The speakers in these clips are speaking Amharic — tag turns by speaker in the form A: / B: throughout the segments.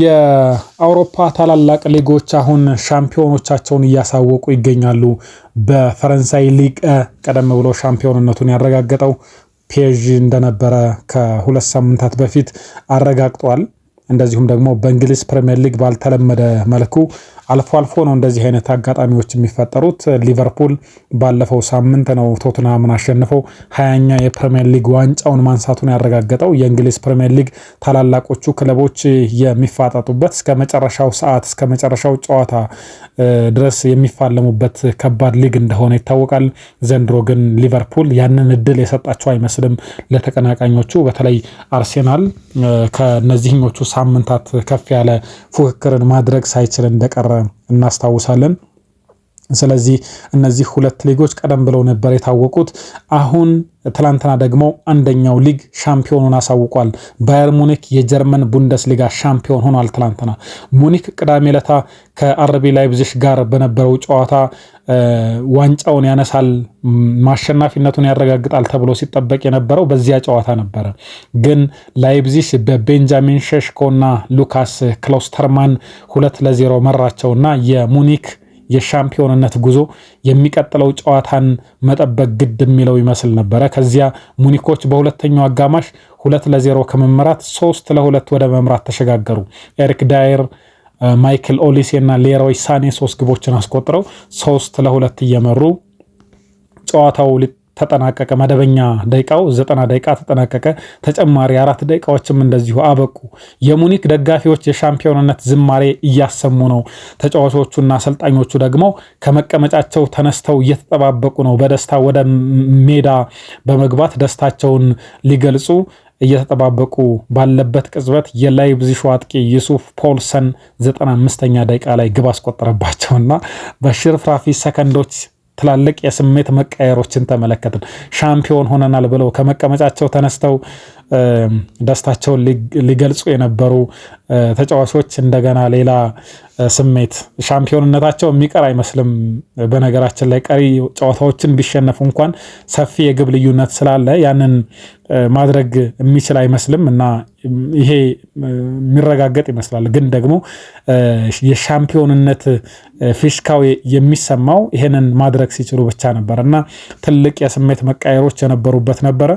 A: የአውሮፓ ታላላቅ ሊጎች አሁን ሻምፒዮኖቻቸውን እያሳወቁ ይገኛሉ። በፈረንሳይ ሊግ ቀደም ብሎ ሻምፒዮንነቱን ያረጋገጠው ፔዥ እንደነበረ ከሁለት ሳምንታት በፊት አረጋግጧል። እንደዚሁም ደግሞ በእንግሊዝ ፕሪምየር ሊግ ባልተለመደ መልኩ አልፎ አልፎ ነው እንደዚህ አይነት አጋጣሚዎች የሚፈጠሩት። ሊቨርፑል ባለፈው ሳምንት ነው ቶትናምን አሸንፈው ሀያኛ የፕሪሚየር ሊግ ዋንጫውን ማንሳቱን ያረጋገጠው። የእንግሊዝ ፕሪሚየር ሊግ ታላላቆቹ ክለቦች የሚፋጠጡበት እስከ መጨረሻው ሰዓት እስከ መጨረሻው ጨዋታ ድረስ የሚፋለሙበት ከባድ ሊግ እንደሆነ ይታወቃል። ዘንድሮ ግን ሊቨርፑል ያንን እድል የሰጣቸው አይመስልም ለተቀናቃኞቹ። በተለይ አርሴናል ከነዚህኞቹ ሳምንታት ከፍ ያለ ፉክክርን ማድረግ ሳይችል እንደቀረ እናስታውሳለን። ስለዚህ እነዚህ ሁለት ሊጎች ቀደም ብለው ነበር የታወቁት። አሁን ትላንትና ደግሞ አንደኛው ሊግ ሻምፒዮኑን አሳውቋል። ባየር ሙኒክ የጀርመን ቡንደስሊጋ ሻምፒዮን ሆኗል። ትላንትና ሙኒክ ቅዳሜ ዕለታ ከአርቢ ላይፕዚሽ ጋር በነበረው ጨዋታ ዋንጫውን ያነሳል፣ ማሸናፊነቱን ያረጋግጣል ተብሎ ሲጠበቅ የነበረው በዚያ ጨዋታ ነበረ። ግን ላይብዚሽ በቤንጃሚን ሼሽኮ ሉካስ ክሎስተርማን ሁለት ለዜሮ መራቸውና የሙኒክ የሻምፒዮንነት ጉዞ የሚቀጥለው ጨዋታን መጠበቅ ግድ የሚለው ይመስል ነበረ። ከዚያ ሙኒኮች በሁለተኛው አጋማሽ ሁለት ለዜሮ ከመምራት ሶስት ለሁለት ወደ መምራት ተሸጋገሩ። ኤሪክ ዳየር ማይክል ኦሊሴ እና ሌሮይ ሳኔ ሶስት ግቦችን አስቆጥረው ሶስት ለሁለት እየመሩ ጨዋታው ተጠናቀቀ። መደበኛ ደቂቃው ዘጠና ደቂቃ ተጠናቀቀ። ተጨማሪ አራት ደቂቃዎችም እንደዚሁ አበቁ። የሙኒክ ደጋፊዎች የሻምፒዮንነት ዝማሬ እያሰሙ ነው። ተጫዋቾቹና አሰልጣኞቹ ደግሞ ከመቀመጫቸው ተነስተው እየተጠባበቁ ነው። በደስታ ወደ ሜዳ በመግባት ደስታቸውን ሊገልጹ እየተጠባበቁ ባለበት ቅጽበት የላይፕዚግ አጥቂ ዩሱፍ ፖልሰን 95ኛ ደቂቃ ላይ ግብ አስቆጠረባቸውና በሽርፍራፊ ሰከንዶች ትላልቅ የስሜት መቀየሮችን ተመለከትን። ሻምፒዮን ሆነናል ብለው ከመቀመጫቸው ተነስተው ደስታቸውን ሊገልጹ የነበሩ ተጫዋቾች እንደገና ሌላ ስሜት፣ ሻምፒዮንነታቸው የሚቀር አይመስልም። በነገራችን ላይ ቀሪ ጨዋታዎችን ቢሸነፉ እንኳን ሰፊ የግብ ልዩነት ስላለ ያንን ማድረግ የሚችል አይመስልም እና ይሄ የሚረጋገጥ ይመስላል። ግን ደግሞ የሻምፒዮንነት ፊሽካው የሚሰማው ይሄንን ማድረግ ሲችሉ ብቻ ነበር እና ትልቅ የስሜት መቃየሮች የነበሩበት ነበረ።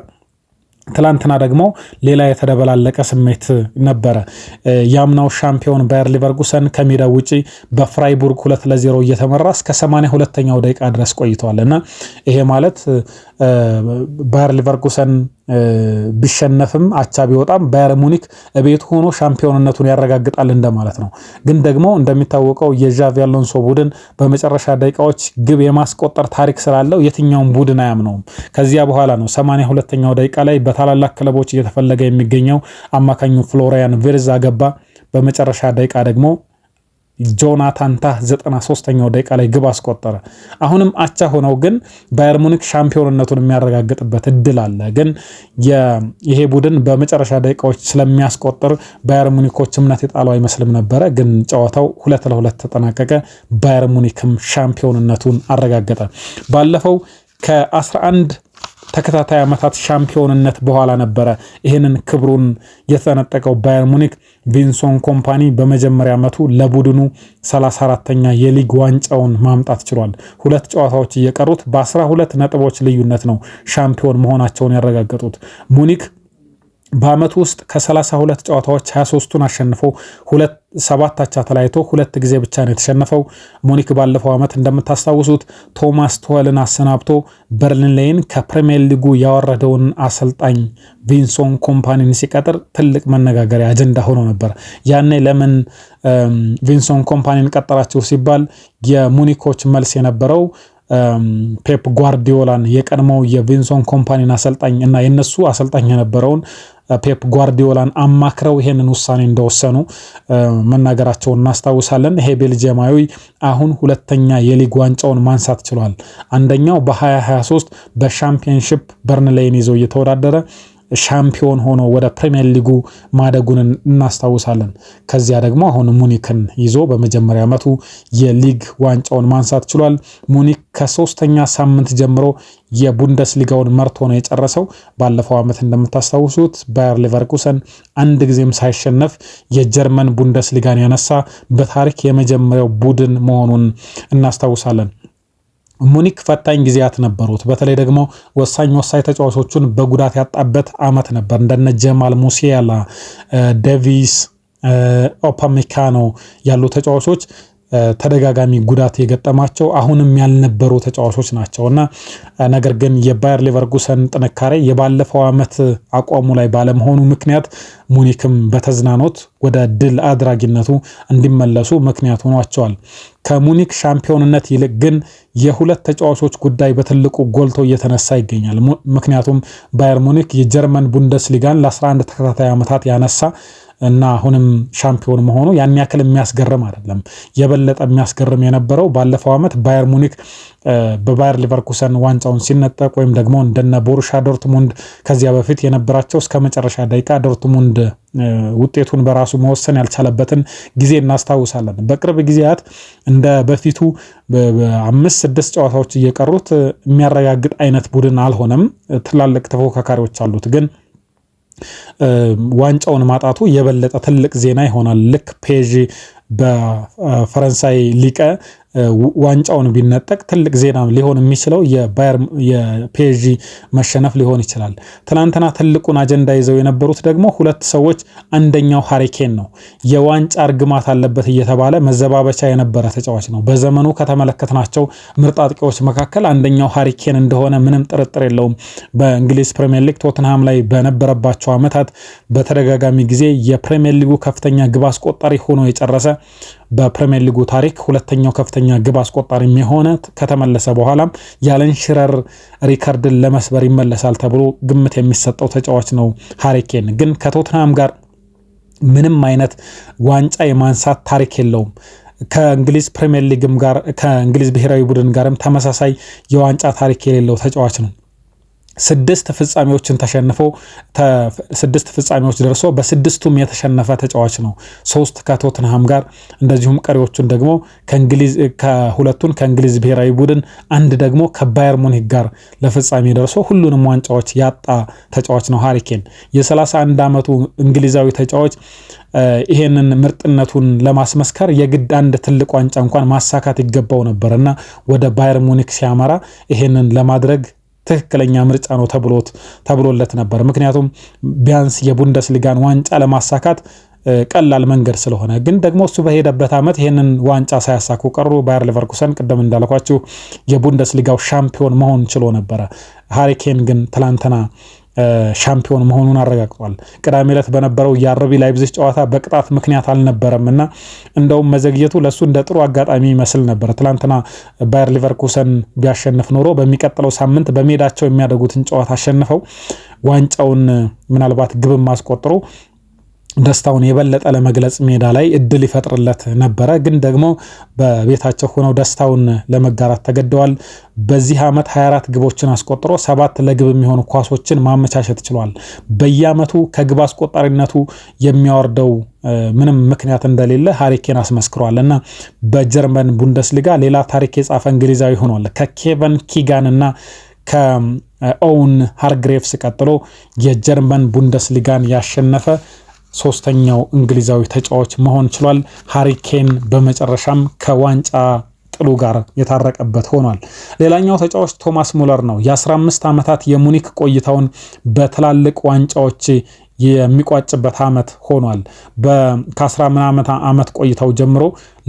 A: ትላንትና ደግሞ ሌላ የተደበላለቀ ስሜት ነበረ። የአምናው ሻምፒዮን ባየር ሊቨርኩሰን ከሜዳ ውጪ በፍራይቡርግ ሁለት ለዜሮ እየተመራ እስከ ሰማንያ ሁለተኛው ደቂቃ ድረስ ቆይተዋል እና ይሄ ማለት ባየር ሊቨርኩሰን ቢሸነፍም አቻ ቢወጣም ባየር ሙኒክ እቤት ሆኖ ሻምፒዮንነቱን ያረጋግጣል እንደማለት ነው። ግን ደግሞ እንደሚታወቀው የዣቪ አሎንሶ ቡድን በመጨረሻ ደቂቃዎች ግብ የማስቆጠር ታሪክ ስላለው የትኛውን ቡድን አያምነውም። ከዚያ በኋላ ነው ሰማንያ ሁለተኛው ደቂቃ ላይ በታላላቅ ክለቦች እየተፈለገ የሚገኘው አማካኙ ፍሎሪያን ቪርዝ አገባ። በመጨረሻ ደቂቃ ደግሞ ጆናታን ታህ 93ኛው ደቂቃ ላይ ግብ አስቆጠረ። አሁንም አቻ ሆነው ግን ባየር ሙኒክ ሻምፒዮንነቱን የሚያረጋግጥበት እድል አለ። ግን ይሄ ቡድን በመጨረሻ ደቂቃዎች ስለሚያስቆጥር ባየር ሙኒኮች እምነት የጣለው አይመስልም ነበረ። ግን ጨዋታው ሁለት ለሁለት ተጠናቀቀ። ባየር ሙኒክም ሻምፒዮንነቱን አረጋገጠ። ባለፈው ከ11 ተከታታይ ዓመታት ሻምፒዮንነት በኋላ ነበረ ይህንን ክብሩን የተነጠቀው ባየር ሙኒክ። ቪንሶን ኮምፓኒ በመጀመሪያ ዓመቱ ለቡድኑ 34ተኛ የሊግ ዋንጫውን ማምጣት ችሏል። ሁለት ጨዋታዎች እየቀሩት በ12 ነጥቦች ልዩነት ነው ሻምፒዮን መሆናቸውን ያረጋገጡት ሙኒክ በአመቱ ውስጥ ከ32 ጨዋታዎች 23ቱን አሸንፎ ሁለት ሰባት አቻ ተለያይቶ ሁለት ጊዜ ብቻ ነው የተሸነፈው። ሙኒክ ባለፈው ዓመት እንደምታስታውሱት ቶማስ ቶወልን አሰናብቶ በርሊን ላይን ከፕሪሚየር ሊጉ ያወረደውን አሰልጣኝ ቪንሶን ኮምፓኒን ሲቀጥር ትልቅ መነጋገሪያ አጀንዳ ሆኖ ነበር። ያኔ ለምን ቪንሶን ኮምፓኒን ቀጠራቸው ሲባል የሙኒኮች መልስ የነበረው ፔፕ ጓርዲዮላን የቀድሞው የቪንሶን ኮምፓኒን አሰልጣኝ እና የነሱ አሰልጣኝ የነበረውን ፔፕ ጓርዲዮላን አማክረው ይሄንን ውሳኔ እንደወሰኑ መናገራቸውን እናስታውሳለን። ይሄ ቤልጅየማዊ አሁን ሁለተኛ የሊግ ዋንጫውን ማንሳት ችሏል። አንደኛው በ2023 በሻምፒየንሺፕ በርንሌይን ይዞ እየተወዳደረ ሻምፒዮን ሆኖ ወደ ፕሪሚየር ሊጉ ማደጉን እናስታውሳለን። ከዚያ ደግሞ አሁን ሙኒክን ይዞ በመጀመሪያ ዓመቱ የሊግ ዋንጫውን ማንሳት ችሏል። ሙኒክ ከሶስተኛ ሳምንት ጀምሮ የቡንደስሊጋውን መርቶ ነው የጨረሰው። ባለፈው ዓመት እንደምታስታውሱት ባየር ሊቨርኩሰን አንድ ጊዜም ሳይሸነፍ የጀርመን ቡንደስሊጋን ያነሳ በታሪክ የመጀመሪያው ቡድን መሆኑን እናስታውሳለን። ሙኒክ ፈታኝ ጊዜያት ነበሩት። በተለይ ደግሞ ወሳኝ ወሳኝ ተጫዋቾቹን በጉዳት ያጣበት አመት ነበር። እንደነ ጀማል ሙሲያላ፣ ዴቪስ፣ ኦፓሜካኖ ያሉ ተጫዋቾች ተደጋጋሚ ጉዳት የገጠማቸው አሁንም ያልነበሩ ተጫዋቾች ናቸው እና ነገር ግን የባየር ሊቨርጉሰን ጥንካሬ የባለፈው አመት አቋሙ ላይ ባለመሆኑ ምክንያት ሙኒክም በተዝናኖት ወደ ድል አድራጊነቱ እንዲመለሱ ምክንያት ሆኗቸዋል። ከሙኒክ ሻምፒዮንነት ይልቅ ግን የሁለት ተጫዋቾች ጉዳይ በትልቁ ጎልቶ እየተነሳ ይገኛል። ምክንያቱም ባየር ሙኒክ የጀርመን ቡንደስሊጋን ለ11 ተከታታይ ዓመታት ያነሳ እና አሁንም ሻምፒዮን መሆኑ ያን ያክል የሚያስገርም አይደለም። የበለጠ የሚያስገርም የነበረው ባለፈው ዓመት ባየር ሙኒክ በባየር ሊቨርኩሰን ዋንጫውን ሲነጠቅ ወይም ደግሞ እንደነ ቦሩሻ ዶርትሙንድ ከዚያ በፊት የነበራቸው እስከ መጨረሻ ደቂቃ ዶርትሙንድ ውጤቱን በራሱ መወሰን ያልቻለበትን ጊዜ እናስታውሳለን። በቅርብ ጊዜያት እንደ በፊቱ አምስት ስድስት ጨዋታዎች እየቀሩት የሚያረጋግጥ አይነት ቡድን አልሆነም። ትላልቅ ተፎካካሪዎች አሉት ግን ዋንጫውን ማጣቱ የበለጠ ትልቅ ዜና ይሆናል። ልክ ፔዥ በፈረንሳይ ሊቀ ዋንጫውን ቢነጠቅ ትልቅ ዜና ሊሆን የሚችለው የባየር የፒኤስጂ መሸነፍ ሊሆን ይችላል። ትናንትና ትልቁን አጀንዳ ይዘው የነበሩት ደግሞ ሁለት ሰዎች፣ አንደኛው ሀሪኬን ነው። የዋንጫ እርግማት አለበት እየተባለ መዘባበቻ የነበረ ተጫዋች ነው። በዘመኑ ከተመለከትናቸው ምርጥ አጥቂዎች መካከል አንደኛው ሀሪኬን እንደሆነ ምንም ጥርጥር የለውም። በእንግሊዝ ፕሪምየር ሊግ ቶትንሃም ላይ በነበረባቸው ዓመታት በተደጋጋሚ ጊዜ የፕሪምየር ሊጉ ከፍተኛ ግብ አስቆጣሪ ሆኖ የጨረሰ በፕሪሚየር ሊጉ ታሪክ ሁለተኛው ከፍተኛ ግብ አስቆጣሪ የሆነ ከተመለሰ በኋላም ያለን ሽረር ሪከርድን ለመስበር ይመለሳል ተብሎ ግምት የሚሰጠው ተጫዋች ነው። ሀሪኬን ግን ከቶትናም ጋር ምንም አይነት ዋንጫ የማንሳት ታሪክ የለውም። ከእንግሊዝ ፕሪሚየር ሊግም ጋር ከእንግሊዝ ብሔራዊ ቡድን ጋርም ተመሳሳይ የዋንጫ ታሪክ የሌለው ተጫዋች ነው። ስድስት ፍጻሜዎችን ተሸንፎ ስድስት ፍጻሜዎች ደርሶ በስድስቱም የተሸነፈ ተጫዋች ነው። ሶስት ከቶትንሃም ጋር እንደዚሁም ቀሪዎቹን ደግሞ ከሁለቱን ከእንግሊዝ ብሔራዊ ቡድን አንድ ደግሞ ከባየር ሙኒክ ጋር ለፍጻሜ ደርሶ ሁሉንም ዋንጫዎች ያጣ ተጫዋች ነው ሃሪኬን። የ31 ዓመቱ እንግሊዛዊ ተጫዋች ይሄንን ምርጥነቱን ለማስመስከር የግድ አንድ ትልቅ ዋንጫ እንኳን ማሳካት ይገባው ነበር እና ወደ ባየር ሙኒክ ሲያመራ ይሄንን ለማድረግ ትክክለኛ ምርጫ ነው ተብሎለት ነበር። ምክንያቱም ቢያንስ የቡንደስሊጋን ዋንጫ ለማሳካት ቀላል መንገድ ስለሆነ ግን ደግሞ እሱ በሄደበት ዓመት ይህንን ዋንጫ ሳያሳኩ ቀሩ። ባየር ሌቨርኩሰን ቅደም እንዳልኳችሁ የቡንደስሊጋው ሻምፒዮን መሆን ችሎ ነበረ። ሃሪኬን ግን ትላንትና ሻምፒዮን መሆኑን አረጋግጧል። ቅዳሜ ዕለት በነበረው የአርቢ ላይፕዚግ ጨዋታ በቅጣት ምክንያት አልነበረም እና እንደውም መዘግየቱ ለእሱ እንደ ጥሩ አጋጣሚ ይመስል ነበር። ትላንትና ባየር ሊቨርኩሰን ቢያሸንፍ ኖሮ በሚቀጥለው ሳምንት በሜዳቸው የሚያደርጉትን ጨዋታ አሸንፈው ዋንጫውን ምናልባት ግብም አስቆጥሮ ደስታውን የበለጠ ለመግለጽ ሜዳ ላይ እድል ይፈጥርለት ነበረ። ግን ደግሞ በቤታቸው ሆነው ደስታውን ለመጋራት ተገደዋል። በዚህ ዓመት 24 ግቦችን አስቆጥሮ ሰባት ለግብ የሚሆኑ ኳሶችን ማመቻቸት ችሏል። በየዓመቱ ከግብ አስቆጣሪነቱ የሚያወርደው ምንም ምክንያት እንደሌለ ሀሪኬን አስመስክሯል እና በጀርመን ቡንደስሊጋ ሌላ ታሪክ የጻፈ እንግሊዛዊ ሆኗል ከኬቨን ኪጋን እና ኦውን ሃርግሬቭስ ቀጥሎ የጀርመን ቡንደስሊጋን ያሸነፈ ሶስተኛው እንግሊዛዊ ተጫዋች መሆን ችሏል። ሃሪኬን በመጨረሻም ከዋንጫ ጥሉ ጋር የታረቀበት ሆኗል። ሌላኛው ተጫዋች ቶማስ ሙለር ነው። የ15 ዓመታት የሙኒክ ቆይታውን በትላልቅ ዋንጫዎች የሚቋጭበት ዓመት ሆኗል። 1 ምናምን ዓመት ቆይታው ጀምሮ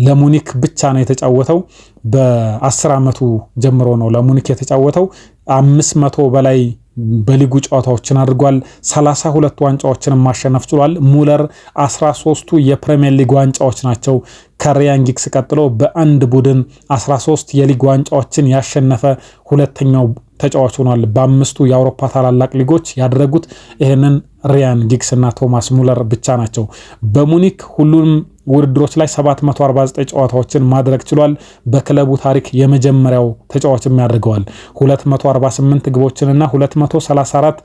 A: ለሙኒክ ብቻ ነው የተጫወተው። በ በ10 ዓመቱ ጀምሮ ነው ለሙኒክ የተጫወተው አምስት በላይ በሊጉ ጨዋታዎችን አድርጓል። 32 ዋንጫዎችን ማሸነፍ ችሏል። ሙለር 13ቱ የፕሪሚየር ሊግ ዋንጫዎች ናቸው። ከሪያን ጊግስ ቀጥሎ በአንድ ቡድን 13 የሊግ ዋንጫዎችን ያሸነፈ ሁለተኛው ተጫዋች ሆኗል። በአምስቱ የአውሮፓ ታላላቅ ሊጎች ያደረጉት ይህንን ሪያን ጊግስ እና ቶማስ ሙለር ብቻ ናቸው። በሙኒክ ሁሉንም ውድድሮች ላይ 749 ጨዋታዎችን ማድረግ ችሏል። በክለቡ ታሪክ የመጀመሪያው ተጫዋችም ያደርገዋል። 248 ግቦችንና 234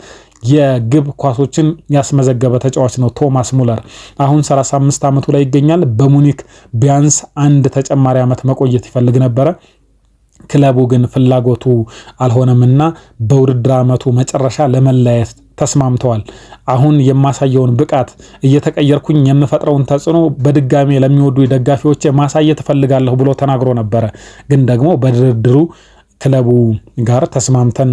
A: የግብ ኳሶችን ያስመዘገበ ተጫዋች ነው ቶማስ ሙለር። አሁን 35 ዓመቱ ላይ ይገኛል። በሙኒክ ቢያንስ አንድ ተጨማሪ ዓመት መቆየት ይፈልግ ነበረ። ክለቡ ግን ፍላጎቱ አልሆነምና በውድድር ዓመቱ መጨረሻ ለመለያየት ተስማምተዋል። አሁን የማሳየውን ብቃት እየተቀየርኩኝ የምፈጥረውን ተጽዕኖ በድጋሜ ለሚወዱ ደጋፊዎች ማሳየት እፈልጋለሁ ብሎ ተናግሮ ነበረ። ግን ደግሞ በድርድሩ ክለቡ ጋር ተስማምተን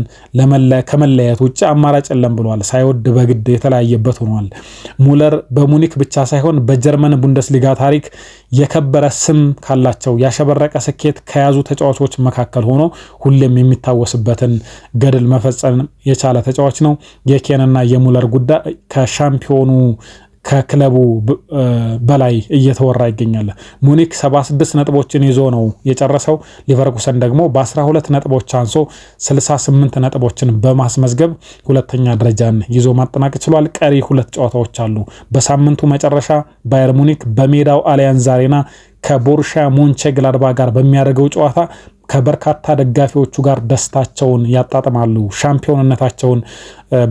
A: ከመለያየት ውጭ አማራጭ የለም ብሏል። ሳይወድ በግድ የተለያየበት ሆኗል። ሙለር በሙኒክ ብቻ ሳይሆን በጀርመን ቡንደስሊጋ ታሪክ የከበረ ስም ካላቸው ያሸበረቀ ስኬት ከያዙ ተጫዋቾች መካከል ሆኖ ሁሌም የሚታወስበትን ገድል መፈጸም የቻለ ተጫዋች ነው። የኬንና የሙለር ጉዳይ ከሻምፒዮኑ ከክለቡ በላይ እየተወራ ይገኛል። ሙኒክ 76 ነጥቦችን ይዞ ነው የጨረሰው። ሊቨርኩሰን ደግሞ በ12 ነጥቦች አንሶ 68 ነጥቦችን በማስመዝገብ ሁለተኛ ደረጃን ይዞ ማጠናቀቅ ችሏል። ቀሪ ሁለት ጨዋታዎች አሉ። በሳምንቱ መጨረሻ ባየር ሙኒክ በሜዳው አሊያንዝ አሬና ከቦርሻ ሞንቼ ግላድባ ጋር በሚያደርገው ጨዋታ ከበርካታ ደጋፊዎቹ ጋር ደስታቸውን ያጣጥማሉ። ሻምፒዮንነታቸውን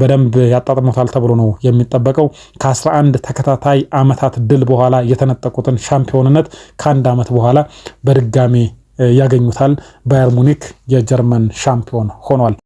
A: በደንብ ያጣጥሙታል ተብሎ ነው የሚጠበቀው። ከ11 ተከታታይ ዓመታት ድል በኋላ የተነጠቁትን ሻምፒዮንነት ከአንድ ዓመት በኋላ በድጋሜ ያገኙታል። ባየር ሙኒክ የጀርመን ሻምፒዮን ሆኗል።